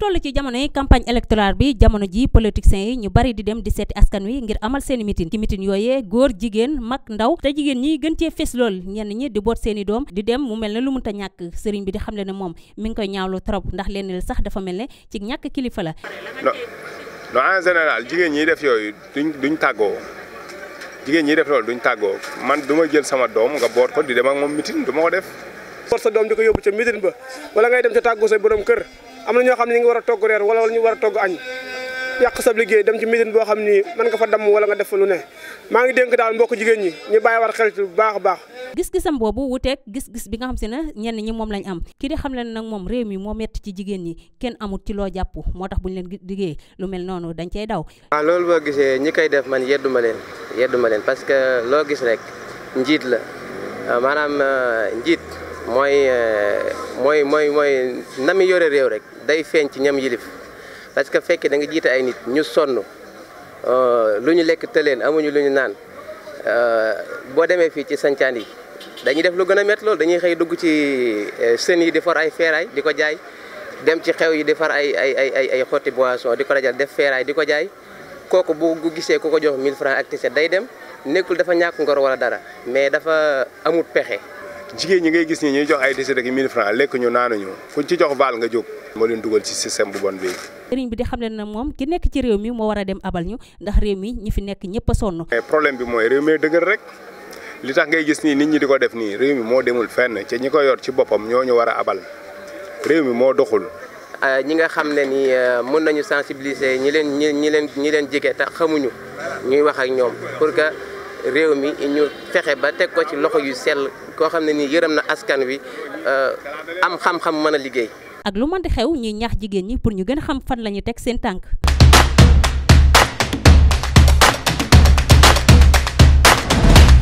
toll ci jamono yi campagne électorale bi jamono ji politiciens yi ñu bari di dem di seeti askan wi ngir amal seeni mitin ci mitin yooyee góor jigéen mag ndaw te jigéen ñi gën cee fes lool ñenn ñi di boot seeni doom di dem mu mel ne lu munta ñàkk sëriñ bi di xamle ne moom mi ngi koy ñaawlu trop ndax lenn sax dafa mel ne ci ñàkk kilifa la non jigéen ñi def yooyu duñ duñ tàggoo jigéen ñi def loolu duñ tàggoo man du ma jël sama doom nga boot ko di dem ak moom mitin du ma ko def. boot sa doom di ko yóbbu ca mitin ba wala ngay dem ca tàggoo say borom kër am na ñoo xam ne ñu ngi war a togg reer wala wala war a togg añ yàq sab liggéey dem ci mitin boo xam ni mën nga fa damm wala nga def lu ne maa ngi dénk daal mbokk jigéen ñi ñu bàyyi war xel ci bu baax a baax gis-gisam boobu wuteeg gis-gis bi nga xam si ne ñenn ñi moom lañ am ki di xam leen nag moom réew mi moo metti ci jigéen ñi kenn amut ci loo jàpp moo tax bu buñu leen liggéey lu mel noonu dañ cay daw waaw loolu boo gisee ñi koy def man ma leen yedduma leen parce que loo gis rek njiit la maanaam njiit mooy mooy mooy mooy nami yore réew rek day feeñ ci ñam yilif parce que fekkee da nga jiite ay nit ñu sonn euh, lu ñu lekk tëleen amuñu lu ñu naan euh, boo demee fii ci sancaan yi dañuy def lu gën a métti loolu dañuy xëy dugg ci euh, sën yi di for ay feeraay di ko jaay dem ci xew yi di far ay ay ay ay ay xotti boisson di ko dajal def feeraay di ko jaay kooku bu gisee ko ko jox 1000 francs ak tiset day dem nekkul dafa ñàkk ngor wala dara mais dafa amut pexe jigéen ñi ngay gis ñi ñuy jox ay déchet rek 1000 francs lekk ñu naanuñu fuñ ci jox baal nga jóg moo leen dugal ci système bu bon bi sëriñ bi di xam ne na moom ki nekk ci réew mi moo war a dem abal ñu ndax réew mi ñi fi nekk ñëpp a sonn problème bi mooy réew mi dëgër rek li tax ngay gis nii nit ñi di ko def nii réew mi moo demul fenn ci ñi ko yor ci boppam ñoo ñu war a abal réew mi moo doxul euh, ñi nga xam ne ni euh, mun nañu sensibiliser ñi leen ñi ñi leen ñi leen jige te xamuñu ñuy wax ak ñoom pour que réew mi ñu fexe ba teg ko ci loxo yu sell koo xam ne nii yërëm na askan wi euh, am xam-xam mën a liggéey. ak lu mën di xew ñuy ñax jigéen ñi pour ñu gën a xam fan la ñu teg seen tànk.